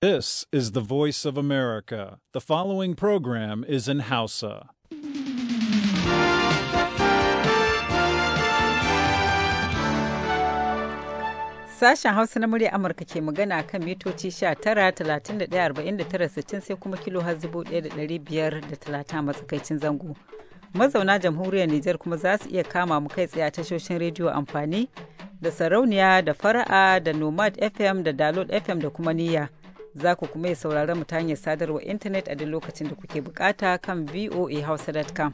This is the voice of America. The following program is in Hausa. Sashen Hausa na murya Amurka ke magana kan mitoci 19,31,49,60 sai kuma kilo har zubo 1,530 matsakaicin zango. Mazauna jamhuriyar Nijar kuma za su iya kama mu kai tsaye a tashoshin rediyo amfani da sarauniya da fara'a da nomad FM da dalol FM da kuma niyya. za ku kuma ya mu ta hanyar sadarwar intanet a duk lokacin da kuke bukata kan voahausa.com.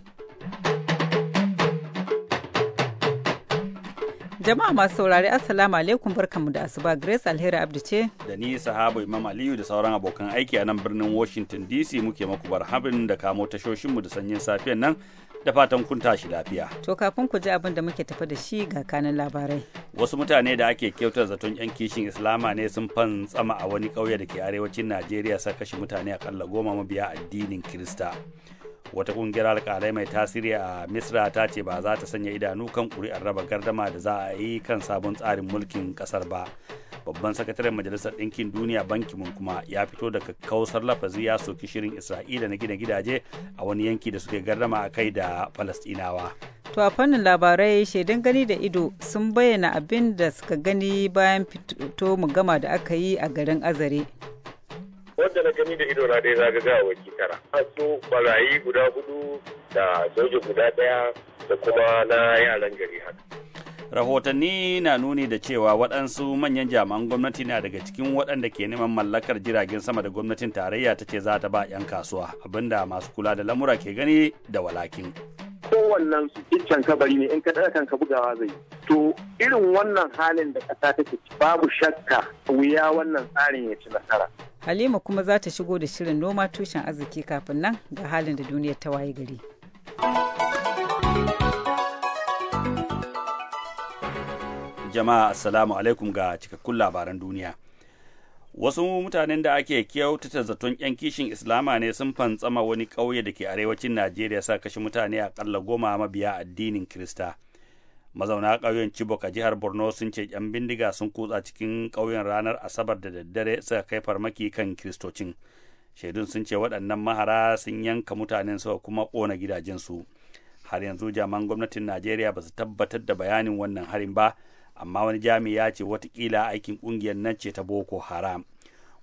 jama'a masu saurari assalamu alaikum barkanmu da asuba grace alheri abdu ce da ni sahabu imam aliyu da sauran abokan aiki a nan birnin washington dc muke maku barhabin da kamo tashoshinmu da sanyin safiyan nan da fatan kun tashi lafiya. To kafin ku ji abin da muke tafi da shi ga kanin labarai. Wasu mutane da ake kyautar zaton 'yan kishin Islama ne sun fantsama a wani ƙauye da ke arewacin Najeriya sa kashe mutane akalla goma mabiya addinin Kirista. wata kungiyar alkalai mai tasiri a misra ta ce ba za ta sanya idanu kan kuri'ar raba gardama da za a yi kan sabon tsarin mulkin kasar ba babban sakataren majalisar ɗinkin duniya banki mun kuma ya fito daga kausar lafazi ya soki shirin isra'ila na gina gidaje a wani yanki da suke gardama a kai da falastinawa to a fannin labarai shaidan gani da ido sun bayyana abin da suka gani bayan fito mu gama da aka yi a garin azare wanda na gani da ido na dai zaga ga waki tara su barayi guda hudu da soja guda daya da kuma na yaran gari haka rahotanni na nuni da cewa waɗansu manyan jami'an gwamnati na daga cikin waɗanda ke neman mallakar jiragen sama da gwamnatin tarayya ta ce za ta ba 'yan kasuwa abinda masu kula da lamura ke gani da walakin wannan su iccen kabari ne in ka ɗaga kanka bugawa zai to irin wannan halin da ƙasa take babu shakka wuya wannan tsarin ya ci nasara Halima kuma za ta shigo da shirin noma tushen arziki kafin nan ga halin da duniyar ta waye gari. Jama'a Assalamu alaikum ga cikakkun labaran duniya. Wasu mutanen da ake kyautata zaton 'yan kishin Islama ne sun fantsama wani ƙauye da ke arewacin Najeriya sa kashe mutane ƙalla goma mabiya addinin Kirista. mazauna ƙauyen chibok a jihar borno sun ce 'yan bindiga sun kutsa cikin ƙauyen ranar asabar da daddare suka kai farmaki kan kiristocin shaidun sun ce waɗannan mahara sun yanka mutanen suka kuma ƙona gidajensu har yanzu jaman gwamnatin najeriya ba su tabbatar da bayanin wannan harin ba amma wani jami ya ce watakila aikin ƙungiyar nan ce ta boko haram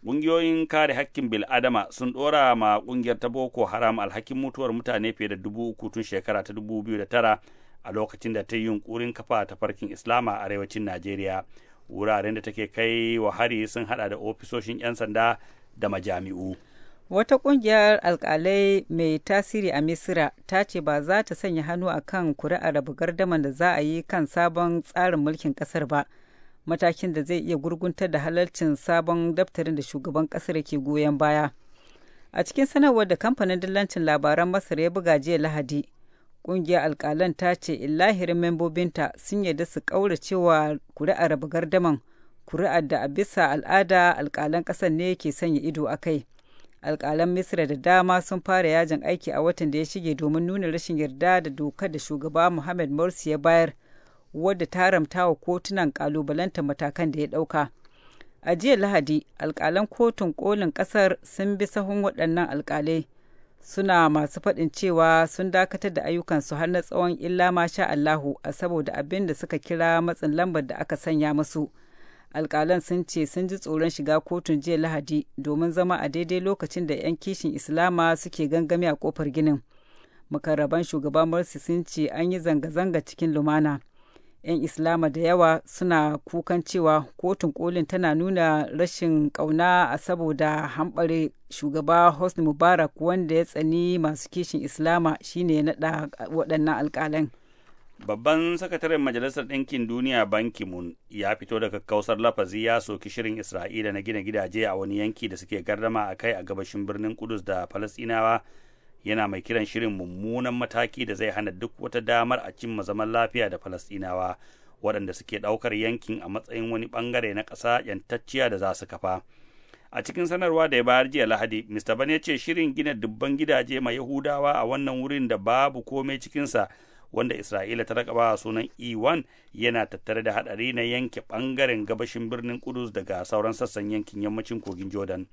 ƙungiyoyin kare hakkin bil'adama sun ɗora ma ƙungiyar ta boko haram alhakin mutuwar mutane fiye da dubu uku tun shekara ta dubu biyu da tara a lokacin da ta yi yunkurin kafa tafarkin islama a arewacin najeriya wuraren da take kai wa hari sun hada da ofisoshin 'yan sanda da majami'u wata kungiyar alkalai mai tasiri a misira ta ce ba za ta sanya hannu a kan kuri'ar raba gardaman da za a yi kan sabon tsarin mulkin kasar ba matakin da zai iya gurguntar da halarcin sabon daftarin da shugaban kasar ke goyon baya a cikin sanarwar da kamfanin dillancin labaran masar ya buga jiya lahadi Ƙungiyar alƙalan ta ce illahirin membobinta sun yarda su ƙaura ƙauracewa kuri'ar raba gardaman kuri'ar da a bisa al'ada alƙalan ƙasar ne ke sanya ido a kai. alƙalan misra da dama sun fara yajin aiki a watan da ya shige domin nuna rashin yarda da dokar da shugaba Mohammed morsi ya bayar wadda ta haramta wa kotunan ƙalubalanta matakan da ya ɗauka a jiya lahadi alƙalan kotun ƙolin ƙasar sun bi sahun waɗannan alƙalai suna masu faɗin cewa sun dakatar da ayyukansu har na tsawon illa masha Allahu a saboda abin da suka kira matsin lambar da aka sanya musu. Alƙalan sun ce sun ji tsoron shiga kotun jiya Lahadi domin zama a daidai lokacin da 'yan kishin Islama suke gangami a kofar ginin. Makarraban shugaban Morsi sun ce an yi zanga-zanga cikin lumana. 'yan islama da yawa suna kukan cewa kotun kolin tana nuna rashin kauna a saboda hambare shugaba hosni mubarak wanda ya tsani masu kishin islama shine ya naɗa waɗannan alƙalan babban sakataren majalisar ɗinkin duniya banki mun ya fito daga kausar lafazi ya soki shirin isra'ila na gina gidaje a wani yanki da suke gardama a kai a gabashin birnin kudus da falasinawa yana mai kiran shirin mummunan mataki da zai hana duk wata damar a cimma zaman lafiya da Falasɗinawa waɗanda suke ɗaukar yankin a matsayin wani ɓangare na ƙasa ‘yantacciya da za su kafa. A cikin sanarwa da ya bayar jiya Lahadi, Mr. Ban ya ce shirin gina dubban gidaje mai Yahudawa a wannan wurin da babu komai cikinsa wanda Isra'ila ta raka rakaba sunan E1 yana tattare da hadari na yanke bangaren gabashin birnin Kudus daga sauran sassan yankin yammacin kogin Jordan.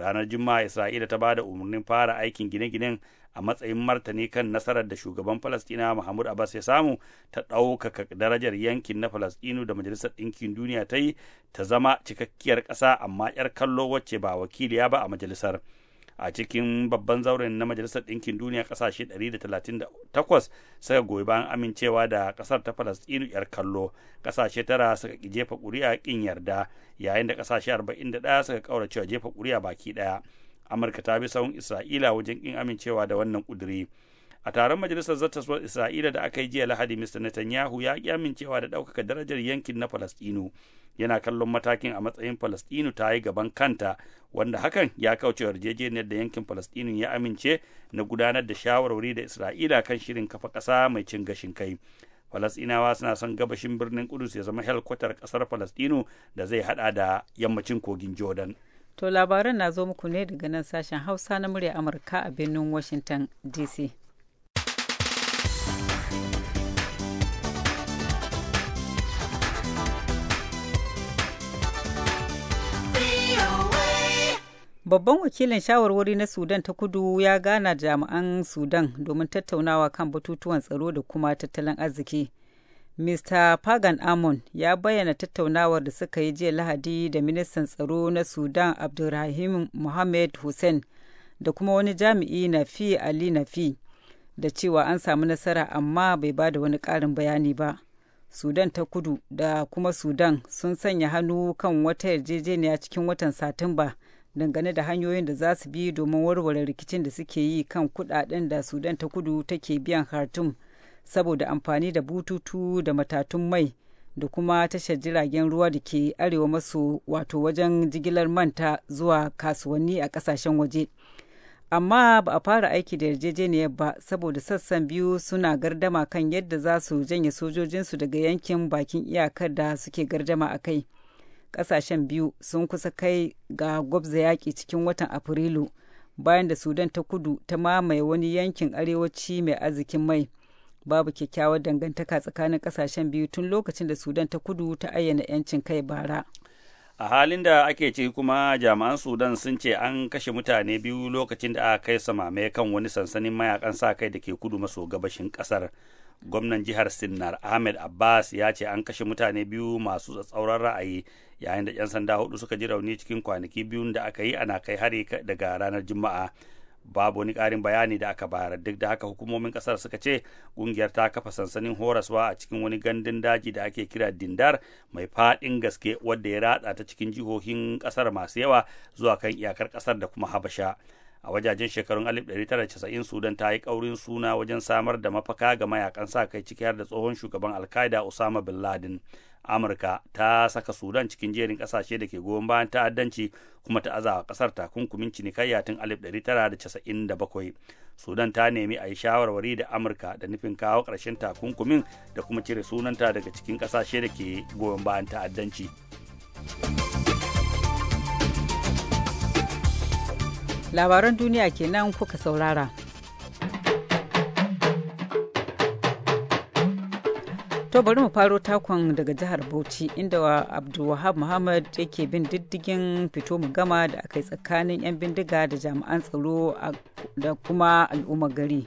ranar juma'a isra'ila ta ba da umarnin fara aikin gine-ginen a matsayin martani kan nasarar da shugaban falastina mahmud abbas ya samu ta ɗaukaka darajar yankin na falastinu da majalisar ɗinkin duniya ta yi ta zama cikakkiyar ƙasa amma 'yar kallo wacce ba wakiliya ba a majalisar a cikin babban zauren na majalisar ɗinkin duniya ƙasashe 138 suka goyi bayan amincewa da ƙasar ta falastinu yar kallo ƙasashe tara suka jefa ƙuri'a ƙin yarda yayin da ƙasashe 41 suka ƙauracewa jefa ƙuri'a baki ɗaya amurka ta bi sahun isra'ila wajen ƙin amincewa da wannan ƙuduri a taron majalisar zartaswar isra'ila da aka yi jiya lahadi mr netanyahu ya ki amincewa da ɗaukaka darajar yankin na falastinu yana kallon matakin a matsayin falastinu ta yi gaban kanta wanda hakan ya kauce yarjejeniyar da yankin falastinu ya amince na gudanar da shawarwari da isra'ila kan shirin kafa ƙasa mai cin gashin kai falastinawa suna son gabashin birnin kudus ya zama helkwatar ƙasar falastinu da zai hada da yammacin kogin jordan to labaran na zo muku ne daga nan sashen hausa na murya amurka a birnin washington dc Babban wakilin shawarwari na Sudan ta kudu ya gana jami'an Sudan domin tattaunawa kan batutuwan tsaro da kuma tattalin arziki. Mr. Pagan Amon ya bayyana tattaunawar da suka yi jiya Lahadi da ministan tsaro na Sudan Abdulrahim Mohamed Hussein da kuma wani jami'i Nafi Ali Nafi da cewa an samu nasara amma bai ba da wani ƙarin bayani ba sudan ta kudu da kuma sudan sun sanya hannu kan wata yarjejeniya cikin watan satumba dangane da hanyoyin da za su bi domin warware rikicin da suke yi kan kudaden da sudan ta kudu take biyan khartoum saboda amfani da bututu da matatun mai da kuma tashar jiragen ruwa da ke arewa maso wato wajen jigilar manta zuwa kasuwanni a kasashen waje. amma ba a fara aiki da yarjejeniyar ba saboda sassan biyu suna gardama kan yadda za su janye sojojinsu daga yankin bakin iyakar da suke gardama a kai ƙasashen biyu sun kusa kai ga gwabza yaƙi cikin watan afrilu bayan da sudan ta kudu ta mamaye wani yankin arewaci mai arzikin mai babu kyakkyawar dangantaka tsakanin ƙasashen biyu tun lokacin da sudan ta kudu ta ayyana 'yancin kai bara a halin da ake ciki kuma jami'an sudan sun ce an kashe mutane biyu lokacin da aka kai samame kan wani sansanin mayakan sa kai da ke kudu maso gabashin kasar gwamnan jihar sinnar ahmed abbas ya ce an kashe mutane biyu masu tsatsauran ra'ayi yayin da 'yan sanda hudu suka ji rauni cikin kwanaki biyun da aka yi ana kai hari daga ranar juma'a babu wani karin bayani da aka bayar duk da haka hukumomin kasar suka ce kungiyar ta kafa sansanin horaswa a cikin wani gandun daji da ake kira dindar mai fadin gaske wadda ya ratsa ta cikin jihohin kasar masu yawa zuwa kan iyakar kasar da kuma habasha a wajajen shekarun 1990 sudan ta yi kaurin suna wajen samar da mafaka ga mayakan sa kai cikiyar da tsohon shugaban alkaida osama bin laden amurka ta saka sudan cikin jerin kasashe da ke goyon bayan ta'addanci kuma ta azawa ƙasar takunkumin cinikayya tun 1997 sudan ta nemi a yi shawarwari da amurka da nufin kawo ƙarshen takunkumin da kuma cire sunanta daga cikin ƙasashe da ke goyon bayan ta'addanci labaran duniya kenan kuka saurara to bari mu faro takon daga jihar bauchi inda abdulwahab muhammad yake bin diddigin fito mu gama da aka yi tsakanin 'yan bindiga da jami'an tsaro da kuma al'ummar gari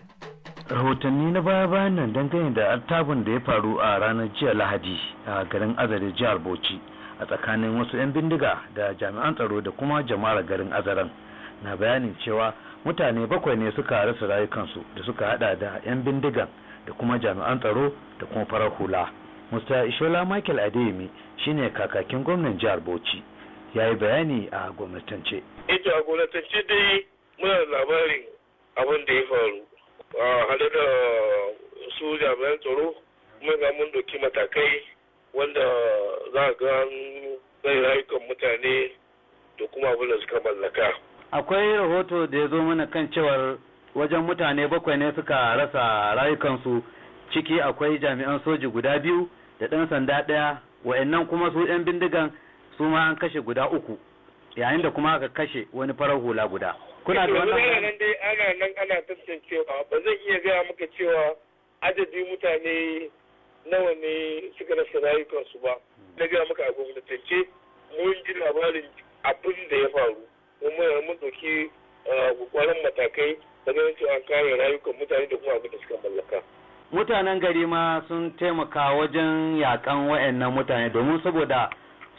rahotanni na baya-bayan nan dangane da attabin da ya faru a ranar jiya lahadi a garin azare jihar bauchi a tsakanin wasu 'yan bindiga da jami'an tsaro da kuma jama'ar garin azaren na bayanin cewa mutane bakwai ne suka rasa rayukansu da suka hada da 'yan bindigan da kuma jami'an tsaro da kuma farar hula musta ishola michael adeyemi shine kakakin gwamnan jihar bauchi ya yi bayani a gwamnatance ita a gwamnatance dai muna da labarin abin da ya faru a hada da su jami'an tsaro kuma ga mun doki matakai wanda za a ga zai rayukan mutane da kuma abin da suka mallaka akwai rahoto da ya zo mana kan cewar wajen mutane bakwai ne suka rasa rayukansu ciki akwai jami'an soji guda biyu da ɗan sanda ɗaya wa'annan kuma su ɗan bindigan su ma an kashe guda uku yayin da kuma aka kashe wani farar hula guda kuna da wannan nan dai ana nan ana tantancewa ba zan iya gaya maka cewa adadin mutane nawa ne suka rasa rayukansu ba na gaya maka a gwamnatance mun ji labarin abin da ya faru ya mun eh, matakai da ganin cewa an kare rayukan mutane da kuma abin da suka mallaka. Mutanen gari ma sun taimaka wajen yakan wa'annan mutane domin saboda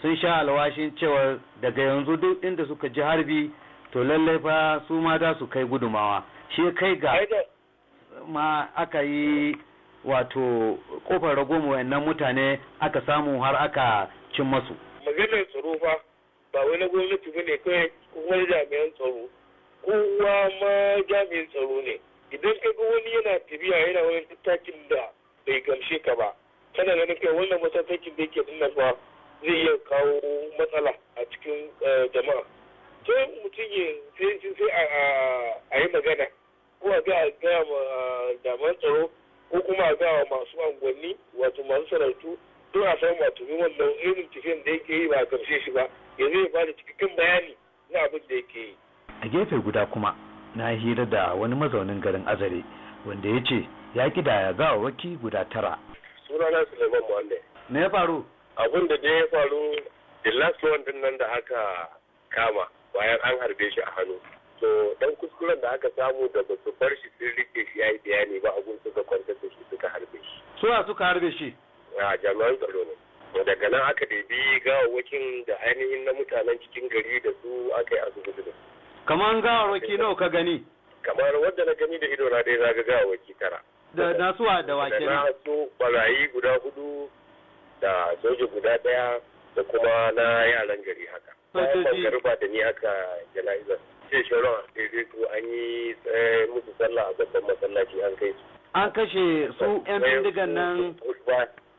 sun sha alwashin cewa daga yanzu duk inda suka ji harbi to lallai fa su ma za su kai gudumawa shi kai ga ma aka yi wato kofar rago wa'annan mutane aka samu har aka cin masu. Maganar tsoro fa ba wani gwamnati bane kawai kuma jami'an tsaro kowa ma jami'in tsaro ne idan ka ga wani yana tafiya yana wani tattakin da bai gamshe ka ba kana ganin kai wannan matattakin da yake dinnan ba zai iya kawo matsala a cikin eh, jama'a to mutum ya sai a yi magana ko a ga a gaya ma jami'an tsaro ko kuma a gawa masu unguwanni wato masu sarautu duk a samu wato wannan irin tafiyan da yake yi ba a gamshe shi ba ya ya bada cikakken bayani na abin da yake yi a gefe guda kuma na hira da wani mazaunin garin azare wanda ya ce ya ga waki guda tara sunana suleiman muhammed me ya faru abin da dai ya faru the last din nan da aka kama bayan an harbe shi a hannu to dan kuskuren da aka samu da ba su bar shi sun rike shi yayi bayani ba a suka kwantar da shi suka harbe shi suwa suka harbe shi a jami'an tsaro ne daga nan aka ɗebi gawawakin da ainihin na mutanen cikin gari da su aka yi asibiti da kamar gawawaki nawa ka gani kamar wadda na gani da ido na dai zaga gawawaki tara da na suwa da wake na su barayi guda hudu da soja guda daya da kuma na yaran gari haka sojoji ba da ni aka jana'izar ce shirin a su an yi eh, musu sallah a babban masallaci an kai su an kashe su yan bindigan nan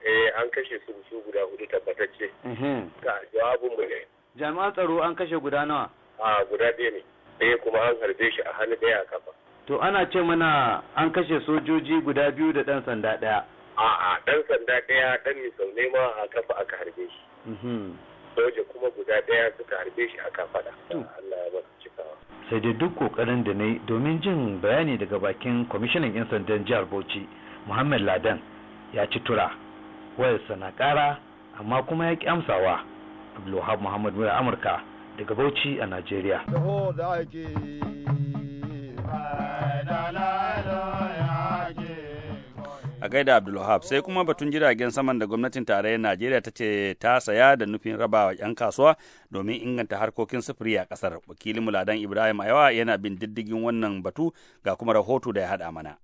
eh an kashe su su guda hudu tabbatacce mhm. ga jawabin mu ne jami'an tsaro an kashe guda nawa a guda ɗaya ne ɗaya eh, kuma an harbe shi a hannu ɗaya a kafa to ana ce mana an kashe sojoji guda biyu da ɗan sanda ɗaya a'a ɗan sanda ɗaya ɗan misau ne ma a kafa aka harbe shi mhm. soja kuma guda ɗaya suka harbe shi a kafa da Allah ya ba cikawa sai dai duk kokarin da na yi domin jin bayani daga bakin kwamishinan 'yan sandan jihar Bauchi Muhammad Ladan ya ci tura wayarsa na ƙara amma kuma ya ƙi amsawa abdulwahab muhammad mura amurka daga bauchi a najeriya a gaida abdulwahab sai kuma batun jiragen saman da gwamnatin tarayyar najeriya ta ce ta saya da nufin rabawa 'yan kasuwa domin inganta harkokin sufuri a kasar wakilin muladan ibrahim ayawa yana bin diddigin wannan batu ga kuma rahoto da ya haɗa mana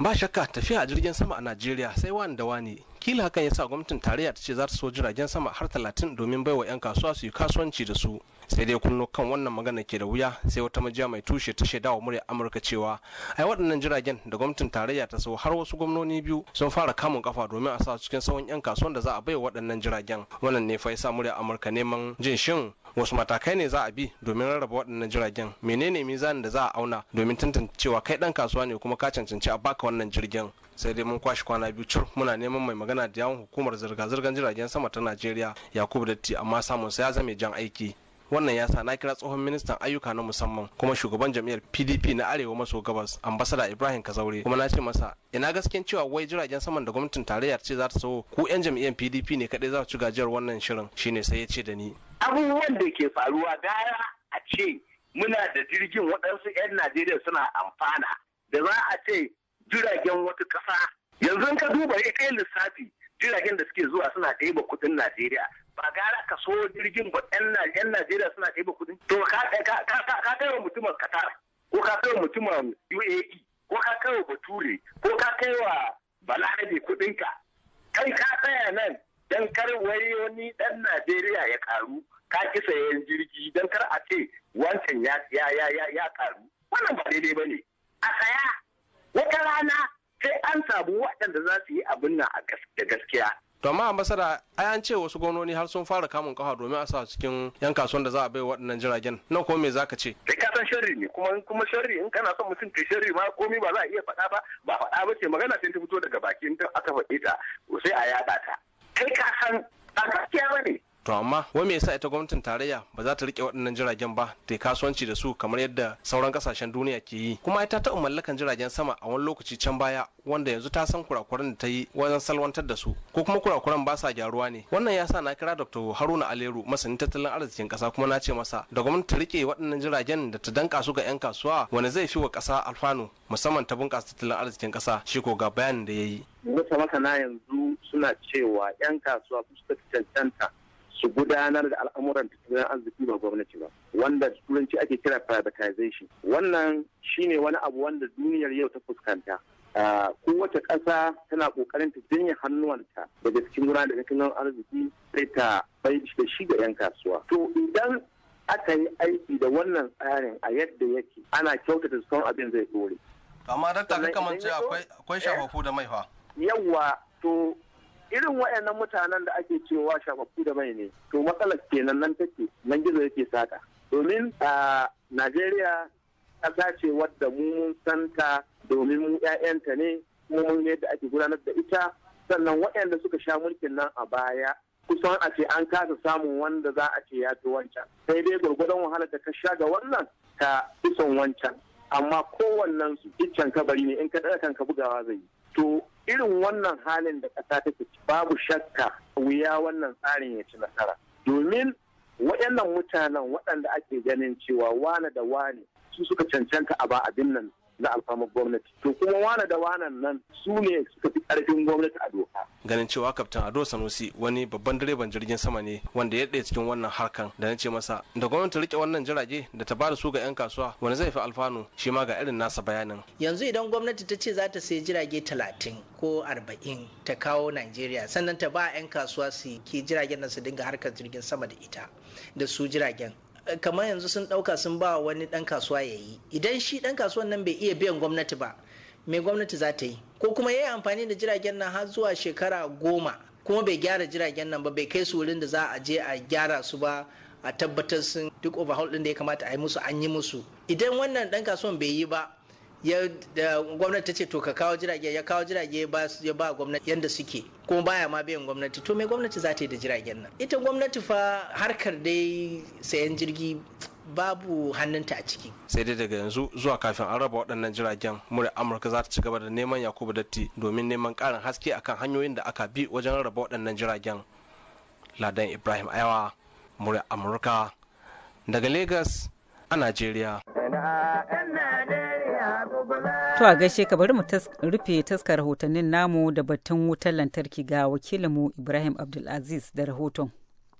ba shakka tafiya a jirgin sama a najeriya sai wani da wani kila hakan ya sa gwamnatin tarayya ta ce za ta so jiragen sama har talatin domin baiwa 'yan kasuwa su yi kasuwanci da su sai dai kullum kan wannan magana ke da wuya sai wata majiya mai tushe ta shaida wa murya amurka cewa ai waɗannan jiragen da gwamnatin tarayya ta so har wasu gwamnoni biyu sun fara kamun kafa domin a sa cikin sauran 'yan kasuwan da za a baiwa waɗannan jiragen wannan ne fa yasa murya amurka neman jin shin wasu matakai ne za a bi domin rarraba waɗannan jiragen menene mizanin da za a auna domin tantancewa kai ɗan kasuwa ne kuma ka cancanci a baka wannan jirgin sai dai mun kwashi kwana biyu cur muna neman mai magana da yawon hukumar zirga-zirgar jiragen sama ta najeriya yakubu datti amma samun sa ya zame jan aiki wannan ya sa na kira tsohon ministan ayyuka na musamman kuma shugaban jam'iyyar pdp na arewa maso gabas ambasada ibrahim kazaure kuma na ce masa ina gasken cewa wai jiragen sama da gwamnatin tarayyar ce za ta sawo ku yan jam'iyyar pdp ne kadai za su ci gajiyar wannan shirin shine sai ya ce da ni abubuwan da ke faruwa gara a ce muna da jirgin waɗansu 'yan najeriya suna amfana da za a ce jiragen wata ƙasa yanzu ka duba ita lissafi jiragen da suke zuwa suna ɗeba kuɗin najeriya ba gara ka so jirgin ba yan najeriya suna ɗeba kuɗin to ka kai wa mutumin qatar ko ka kai wa mutumin uae ko ka kai wa bature ko ka kai wa balarabe ka, kai ka tsaya nan dan kar wai wani ɗan najeriya ya karu ka ki sayan jirgi dan kar a ce wancan ya ya ya ya karu wannan ba daidai bane a saya wata rana sai an samu waɗanda za su yi abin nan da gaskiya to amma ambasada ai an ce wasu gwamnoni har sun fara kamun kafa domin a sa cikin yan kasuwan da za a bai waɗannan jiragen nan ko me zaka ce sai ka san sharri ne kuma kuma sharri in kana son mutum ta sharri ma komai ba za a iya faɗa ba ba faɗa ba ce magana sai ta fito daga bakin ta aka faɗe ta sai a yaɗa ta kai ka san ba gaskiya ba ne to amma wai me yasa ita gwamnatin tarayya ba za ta rike waɗannan jiragen ba ta kasuwanci da su kamar yadda sauran kasashen duniya ke yi kuma ita ta mallakan jiragen sama a wani lokaci can baya wanda yanzu ta san kurakuran da ta yi wajen salwantar da su ko kuma kurakuran ba sa gyaruwa ne wannan ya sa na kira dr haruna aleru masanin tattalin arzikin kasa kuma na ce masa da gwamnati ta rike waɗannan jiragen da ta danka su ga 'yan kasuwa Wani zai fi wa ƙasa alfanu musamman ta bunƙasa tattalin arzikin ƙasa shi ko ga bayanin da ya yi. masana yanzu suna cewa 'yan kasuwa su cancanta su gudanar da al'amuran tattalin arziki ba gwamnati ba wanda turanci ake kira privatization wannan shine wani abu wanda duniyar yau ta fuskanta kowace ƙasa tana ƙoƙarin ta janye hannuwanta daga cikin gudanar da tattalin arziki sai ta bai da shi ga 'yan kasuwa to idan aka yi aiki da wannan tsarin a yadda yake ana kyautata son abin zai dore amma dakta kamar akwai eh? shafafu da maifa yawwa to irin waɗannan mutanen da ake cewa shafafu da mai ne to matsalar kenan nan take nan gizo yake sata domin a najeriya ƙasa ce wadda mun santa domin mu ƴaƴanta ne kuma mun yadda ake gudanar da ita sannan waɗanda suka sha mulkin nan a baya kusan a ce an kasa samun wanda za a ce ya fi wancan sai dai gwargwadon wahala da ka sha ga wannan ka fi son wancan amma kowannen su iccen kabari ne in ka ɗaga kanka bugawa zai yi to irin wannan halin da ƙasa take ciki babu shakka wuya wannan tsarin ya ci nasara domin waɗannan mutanen waɗanda ake ganin cewa wane da wane su suka cancanta a ba abin nan na alfamar gwamnati to kuma wane da wanan nan su ne suka fi karfin gwamnati a doka ganin cewa kaftan ado sanusi wani babban direban jirgin sama ne wanda ya ɗaya cikin wannan harkan da na ce masa da gwamnati rike wannan jirage da ta bada su ga 'yan kasuwa wani zai fi alfanu shi ma ga irin nasa bayanin yanzu idan gwamnati ta ce za ta sayi jirage talatin ko arba'in ta kawo najeriya sannan ta ba 'yan kasuwa su ke jiragen nan su dinga harkar jirgin sama da ita da su jiragen kamar yanzu sun ɗauka sun ba wani ɗan kasuwa ya yi idan shi ɗan kasuwan nan bai iya biyan gwamnati ba mai gwamnati za ta yi ko kuma ya yi amfani da jiragen nan har zuwa shekara goma kuma bai gyara jiragen nan ba bai kai su wurin da za a je a gyara su ba a tabbatar sun duk overhaul ɗin da ya kamata a yi musu an yi musu idan wannan ɗan kasuwan bai yi ba ya gwamnati ta ce to ka kawo jirage ya kawo jirage ya ba gwamnati yadda suke ko baya ma biyan gwamnati to me gwamnati za ta yi da jiragen nan ita gwamnati fa harkar dai sayan jirgi babu hannunta a ciki. sai dai daga yanzu zuwa kafin an raba waɗannan jiragen murya amurka za ta ci gaba da neman yakubu datti domin neman ƙarin haske akan hanyoyin da aka bi wajen raba waɗannan jiragen ladan ibrahim ayawa murya amurka daga lagos a najeriya To a gaishe ka bari mu rufe taska rahotannin namu da batun wutar lantarki ga wakilinmu Ibrahim Abdulaziz da rahoton.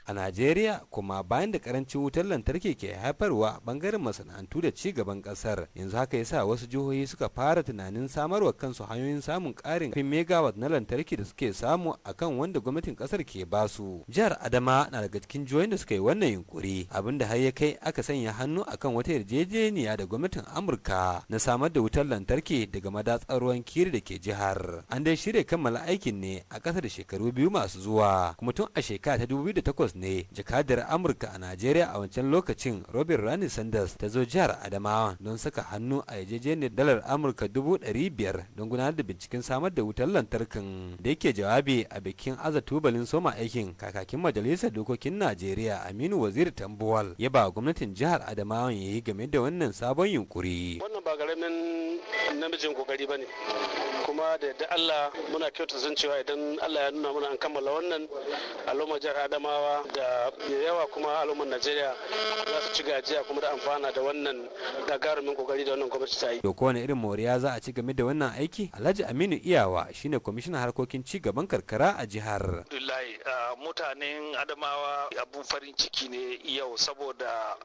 a Najeriya kuma bayan da karancin wutar lantarki ke haifarwa bangaren masana'antu da ci gaban kasar yanzu haka ya sa wasu jihohi suka fara tunanin samarwa kansu hanyoyin samun karin fin megawatt na lantarki da suke samu akan wanda gwamnatin kasar ke basu jihar Adama na daga cikin jihohin da suka yi wannan yunkuri abinda har ya kai aka sanya hannu akan wata yarjejeniya da gwamnatin Amurka na samar da wutar lantarki daga madatsar ruwan kiri da ke jihar an dai shirya kammala aikin ne a kasa da shekaru biyu masu zuwa kuma tun a shekara ta 2008 ne jakadiyar amurka a najeriya a wancan lokacin robin rani sanders ta zo jihar adamawa don saka hannu a yajejeniyar dalar amurka dubu ɗari biyar don gudanar da binciken samar da wutar lantarkin da yake jawabi a bikin aza tubalin soma aikin kakakin majalisar dokokin najeriya aminu waziri tambuwal ya ba gwamnatin jihar adamawa ya yi game da wannan sabon yunkuri wannan ba garamin namijin kokari ba ne kuma da yadda allah muna kyauta zan cewa idan allah ya nuna mana an kammala wannan al'umma jihar adamawa da yawa kuma al'ummar najeriya za su ci gajiya kuma da amfana da wannan gagarumin kokari da wannan gwamnati ta yi to kowane irin moriya za a ci game da wannan aiki alhaji aminu iyawa shine kwamishinan harkokin ci gaban karkara a jihar abdullahi mutanen adamawa abun farin ciki ne yau saboda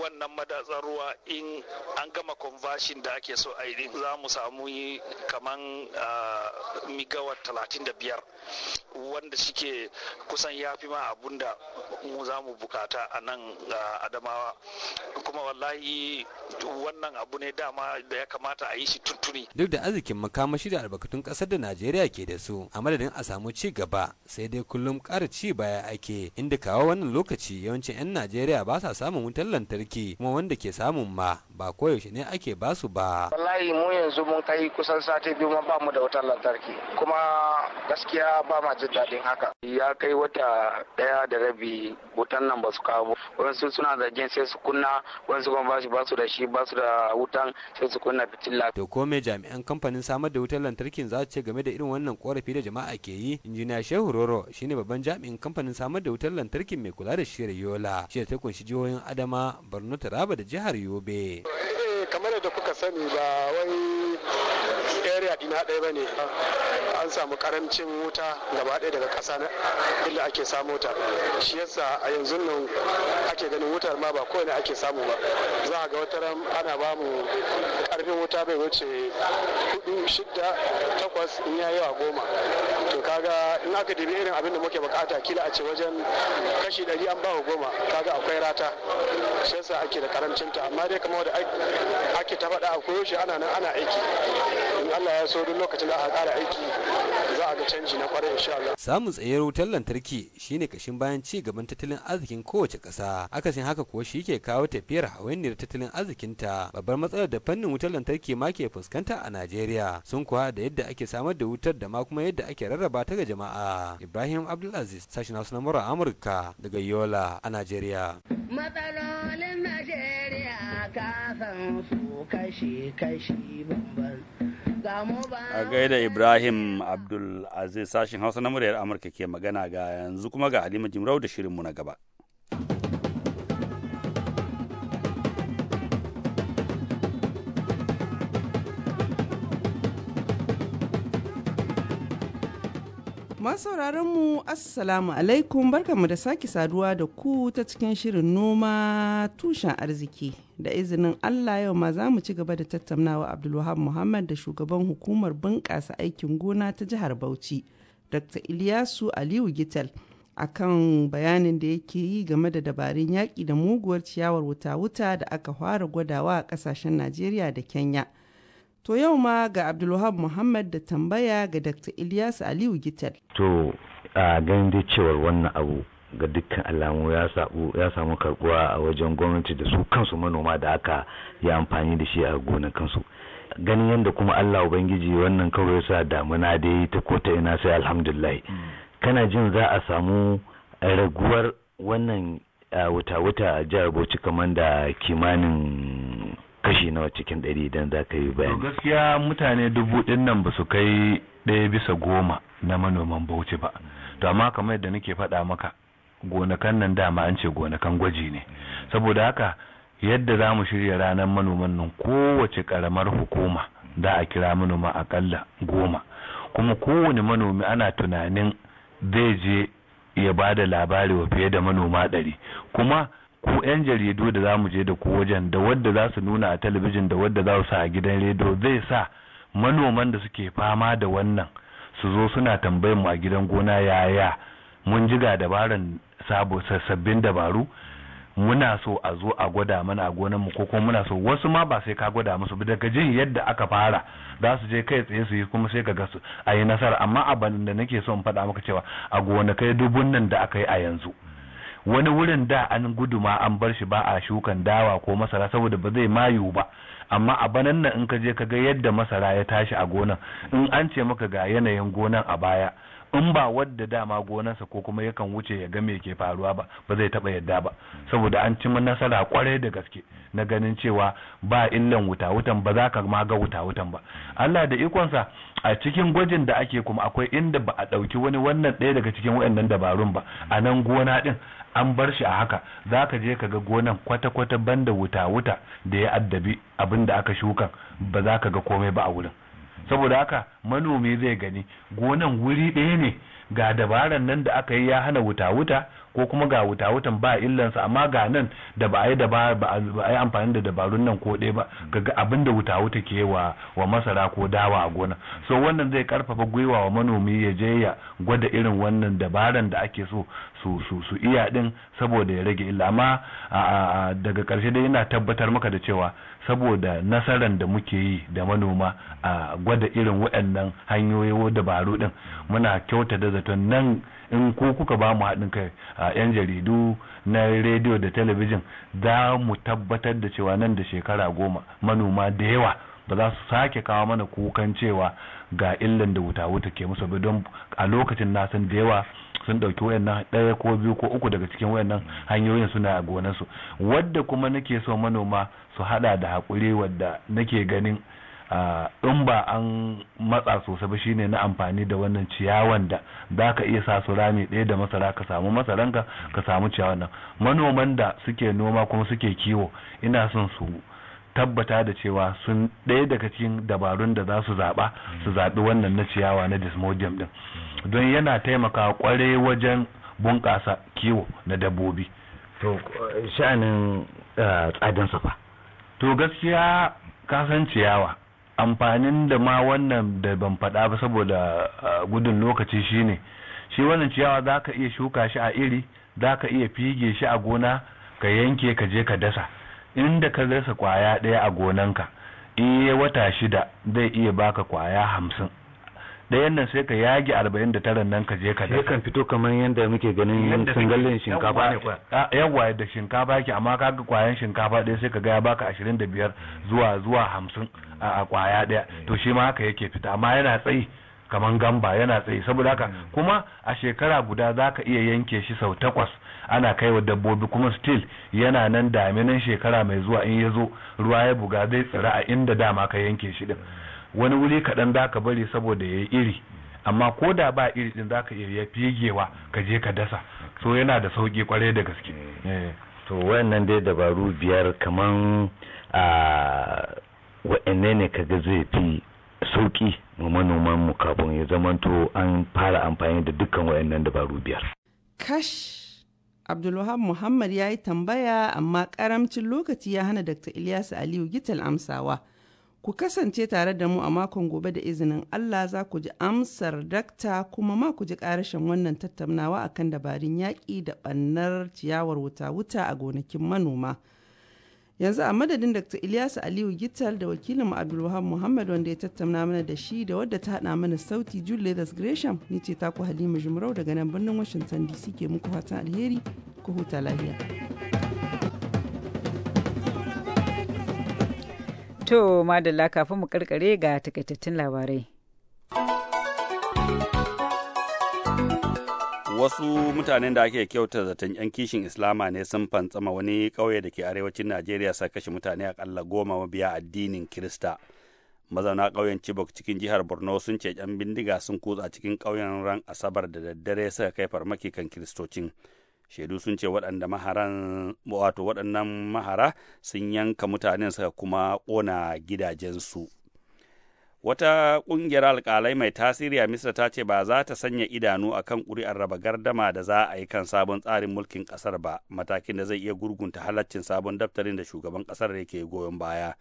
wannan madatsar ruwa in an gama conversion da ake so a yi za mu samu kaman migawar 35 wanda shike kusan ya fi ma abu abinda da mu za mu bukata a nan adamawa kuma wallahi wannan abu ne dama da ya kamata a yi shi tuntuni duk da arzikin makamashi da albarkatun kasar da najeriya ke da su a madadin a samu ci gaba sai dai kullum ƙara ci baya ake inda kawo wannan lokaci yawancin 'yan najeriya ba sa samun wutar lantarki kuma wanda ke samun ma ba koyaushe ne ake ba su ba wallahi mu yanzu mun kai kusan sati biyu ba mu da wutar lantarki kuma gaskiya ba ma jin daɗin haka ya kai wata ɗaya da rabi wutan nan ba su kawo wasu suna zargin sai su kunna wasu ba su da shi shi ba su da wutan sai su kunna fitila. To ko me jami'an kamfanin samar da wutar lantarkin za su ce game da irin wannan korafi da jama'a ke yi? Injiniya Shehu Roro shine babban jami'in kamfanin samar da wutar lantarkin mai kula da shiyar Yola. shi ta kunshi jihohin Adama, Borno, Taraba da jihar Yobe. Eh, kamar da kuka sani ba wai area dina ɗaya bane an samu karancin wuta gaba ɗaya daga ƙasa na illa ake samu ta shi yasa a yanzu nan ake ganin wutar ma ba kowane ake samu ba za a ga wata ran ana ba mu karfin wuta bai wuce hudu shidda takwas in ya yawa goma to kaga in aka dibi irin abin da muke bukata kila a ce wajen kashi ɗari an ba goma kaga akwai rata shi yasa ake da karancin ta amma dai kamar da ake ta faɗa a koyaushe ana nan ana aiki in Allah ya so aiki za ga canji na kwarai insha Samun tsayar wutar lantarki shine kashin bayan ci gaban tattalin arzikin kowace ƙasa. Akasin haka kuwa shi ke kawo tafiyar hawainiyar tattalin arzikinta. Babbar matsalar da fannin wutar lantarki ma ke fuskanta a Najeriya sun kuwa da yadda ake samar da wutar da ma kuma yadda ake rarraba ta ga jama'a. Ibrahim Abdulaziz sashen Hausa na Amurka daga Yola a Najeriya. Matsalolin Najeriya kafin su kashi A gaida Ibrahim Abdul Aziz sashin Hausa na muryar Amurka ke magana ga yanzu kuma ga Halima Jimrau da shirinmu na gaba. sauraron mu assalamu alaikum barkanmu da sake saduwa da ku ta cikin shirin noma tushen arziki da izinin Allah yau ma za mu ci gaba da tattaunawa Abdulwahab Muhammad da shugaban hukumar bunƙasa aikin gona ta jihar Bauchi Dr. Ilyasu Aliyu Gital akan bayanin da yake yi game da dabarun yaƙi da muguwar ciyawar wuta-wuta da aka fara gwadawa a ƙasashen Najeriya da Kenya. To yau ma ga Abdulwahab Muhammad da tambaya ga Dr. Ilyas Aliyu gitar. To a ganin dai cewar wannan abu ga dukkan alamu ya samu karbuwa a wajen gwamnati da su kansu manoma da aka yi amfani da shi a gonar kansu. Ganin yadda kuma Allah Ubangiji wannan kawai sa damuna ya ta kota ina sai alhamdulillah. Kana jin za a samu raguwar wannan wuta-wuta a jihar Bauchi kamar da kimanin kashi nawa cikin ɗari idan za ka yi bayani. gaskiya mutane dubu ɗin nan ba su kai ɗaya bisa goma na manoman bauchi ba to amma kamar yadda nake faɗa maka gonakan nan dama an ce gonakan gwaji ne saboda haka yadda za mu shirya ranar manoman nan kowace ƙaramar hukuma da a kira manoma aƙalla goma kuma kowane manomi ana tunanin zai je ya ba da labari wa fiye da manoma ɗari kuma ku 'yan jaridu da za mu je da ku wajen da wadda za su nuna a talabijin da wadda za su a gidan rediyo zai sa manoman da suke fama da wannan su zo suna tambayar mu a gidan gona yaya mun jiga dabaran sabo sabbin dabaru muna so a zo a gwada mana a gonan mu ko kuma muna so wasu ma ba sai ka gwada musu ba daga jin yadda aka fara za su je kai tsaye su yi kuma sai ka ga su a yi nasara amma abin da nake so in faɗa maka cewa a gonakai dubun nan da aka yi a yanzu wani wurin da an guduma an bar shi ba a shukan dawa ko masara saboda ba zai mayu ba amma a banan nan in ka je ka ga yadda masara ya tashi a gonan in an ce maka ga yanayin gonan a baya in ba wadda dama gonarsa ko kuma yakan wuce ya ga me ke faruwa ba ba zai taba yadda ba saboda an ci nasara kwarai da gaske na ganin cewa ba illan wuta wutan ba za ka ma ga wuta wutan ba Allah da ikonsa a cikin gwajin da ake kuma akwai inda ba a ɗauki wani wannan ɗaya daga cikin waɗannan dabarun ba a nan gona ɗin an bar shi a haka za ka je ka ga gonan kwata-kwata banda wuta-wuta da ya addabi abin da aka shuka ba za ka ga komai ba a wurin saboda haka manomi zai gani gonan wuri ɗaya ne ga dabaran nan da aka yi ya hana wuta-wuta ko kuma ga wuta wutan ba illansa amma ga nan da ba a yi amfani da dabarun nan ko ɗaya ba ga abin da wuta wuta ke wa wa masara ko dawa a gona so wannan zai karfafa gwiwa wa manomi ya je ya gwada irin wannan dabaran da ake so su su su iya din saboda ya rage illa amma daga ƙarshe dai yana tabbatar maka da cewa saboda nasaran da muke yi da manoma a gwada irin waɗannan hanyoyi dabaru ɗin muna kyauta da zaton nan in ko kuka ba mu haɗin kai a 'yan jaridu na rediyo da talabijin za mu tabbatar da cewa nan da shekara goma manoma da yawa ba za su sake kawo mana kukan cewa ga illan da wuta wuta ke musu don a lokacin nasan da yawa sun ɗauki wayannan ɗaya ko biyu ko uku daga cikin wayannan hanyoyin suna a su wadda kuma nake so manoma su hada da hakuri wadda nake ganin in ba an matsa sosai ba shine na amfani da wannan ciyawan da za ka iya sa su rami ɗaya da masara ka samu masaranka ka samu ciyawan nan manoman da suke noma kuma suke kiwo ina son su tabbata da cewa sun ɗaya daga cikin dabarun da za su zaɓa su zaɓi wannan na ciyawa na dismodium ɗin don yana taimaka kwarai wajen bunƙasa kiwo na dabbobi to sha'anin eh, tsadin safa to gaskiya kasan ciyawa amfanin da ma wannan da ban faɗa ba saboda eh, gudun lokaci shine shi wannan ciyawa za ka iya shuka shi a iri za ka iya fige shi a gona ka yanke ka je ka dasa inda ka rasa kwaya ɗaya a gonanka ya wata shida zai iya baka kwaya hamsin ɗayan nan sai ka yage arba'in da taran nan ka je ka dafa kan fito kamar yadda muke ganin singallin shinkafa yawwa ah, da shinkafa yake amma kaga kwayan shinkafa ɗaya sai ka ga ya baka ashirin da biyar zuwa zuwa hamsin a kwaya ɗaya to shi ma haka yake fita amma yana tsayi kaman gamba yana tsaye saboda haka hmm. kuma a shekara guda za ka iya yanke shi sau takwas ana kai wa dabbobi kuma still yana nan daminan shekara mai zuwa in ya zo ruwa ya buga zai tsira a inda dama ka yanke shi din wani wuri kaɗan za ka bari saboda ya yi iri amma ko da ba iri din ka iya ya fegewa ka je ka dasa so yana da sauki kwarai da gaske hmm. eh. to wannan dai dabaru biyar kaman a ah, ne ne ga zai fi sauki ma manoman mu kafin ya zamanto an fara amfani da dukkan wayannan dabaru biyar kash Abdulwahab Muhammad ya yi tambaya amma karamcin lokaci ya hana Dr. Ilyasu Aliyu Gital amsawa. Ku kasance tare da mu a makon gobe da izinin Allah za ku ji amsar dakta kuma ma ku ji ƙarashin wannan tattaunawa akan dabarun yaƙi da ɓannar ciyawar wuta-wuta a gonakin manoma. yanzu a madadin dr ilyasu aliyu gittal da wakilin abdulwahab muhammad wanda ya tattauna mana da shi da wadda ta hada mana sauti das gresham ni ce ta ku halima jumrau daga nan birnin washington dc ke muku fatan alheri ku huta lafiya to madalla kafin mu karkare ga takaitattun labarai wasu mutanen da ake kyauta zaton 'yan kishin islama ne sun fantsama wani ƙauye da ke arewacin najeriya sa kashe mutane akalla goma mabiya addinin kirista mazauna ƙauyen chibok cikin jihar borno sun ce 'yan bindiga sun kutsa cikin ƙauyen ran asabar da daddare suka kai farmaki kan kiristocin shaidu sun ce waɗanda maharan wato waɗannan mahara sun yanka mutanen suka kuma ƙona gidajensu Wata ƙungiyar alƙalai mai tasiri a Misra ta ce ba za ta sanya idanu a kan ƙuri'ar raba gardama da za a yi kan sabon tsarin mulkin ƙasar ba, matakin da zai iya gurgunta halaccin sabon daftarin da shugaban ƙasar yake goyon baya.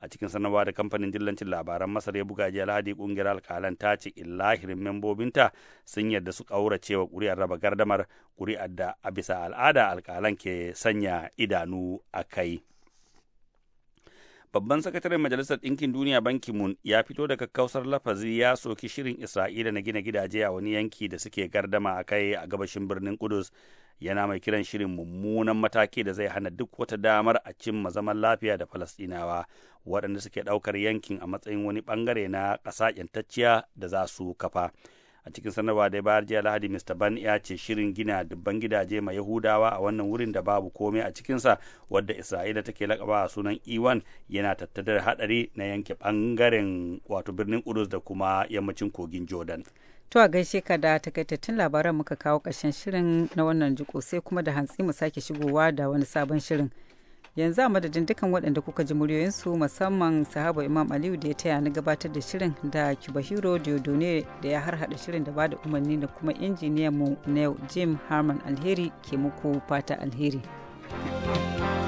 a cikin sanarwa da kamfanin dillancin labaran masar ya buga jiya lahadi kungiyar alkalan ta ce illahirin membobinta sun yarda su kaurace wa kuri'ar raba gardamar ƙuri'ar da a bisa al'ada alkalan ke sanya idanu a kai. Babban sakataren Majalisar Ɗinkin Duniya Banki Mun ya fito da kakkausar lafazi ya soki shirin Isra'ila na gina gidaje a wani yanki da suke gardama a kai a gabashin birnin Kudus. Yana mai kiran shirin mummunan mataki da zai hana duk wata damar a cimma zaman lafiya da Falasɗinawa waɗanda suke ɗaukar yankin a matsayin wani ɓangare na ƙasa da za su kafa. a cikin sanarwa da bayar jiya lahadi mr ban ya ce shirin gina dubban gidaje mai yahudawa a wannan wurin da babu komai a cikinsa wadda isra'ila take lakaba a sunan iwan e yana tattadar hadari na yanke bangaren wato birnin urus da kuma yammacin kogin jordan To a gaishe ka da takaitattun labaran muka kawo ƙarshen shirin na wannan jiko sai kuma da hantsi mu sake shigowa da wani sabon shirin. yanzu a madadin dukkan waɗanda kuka ji muryoyinsu musamman sahaba imam aliyu da ya taya ni gabatar da shirin da kibahiro diodone da ya harhaɗa shirin da bada umarni da kuma injiniyan mu na jim harman alheri ke muku fata alheri thank you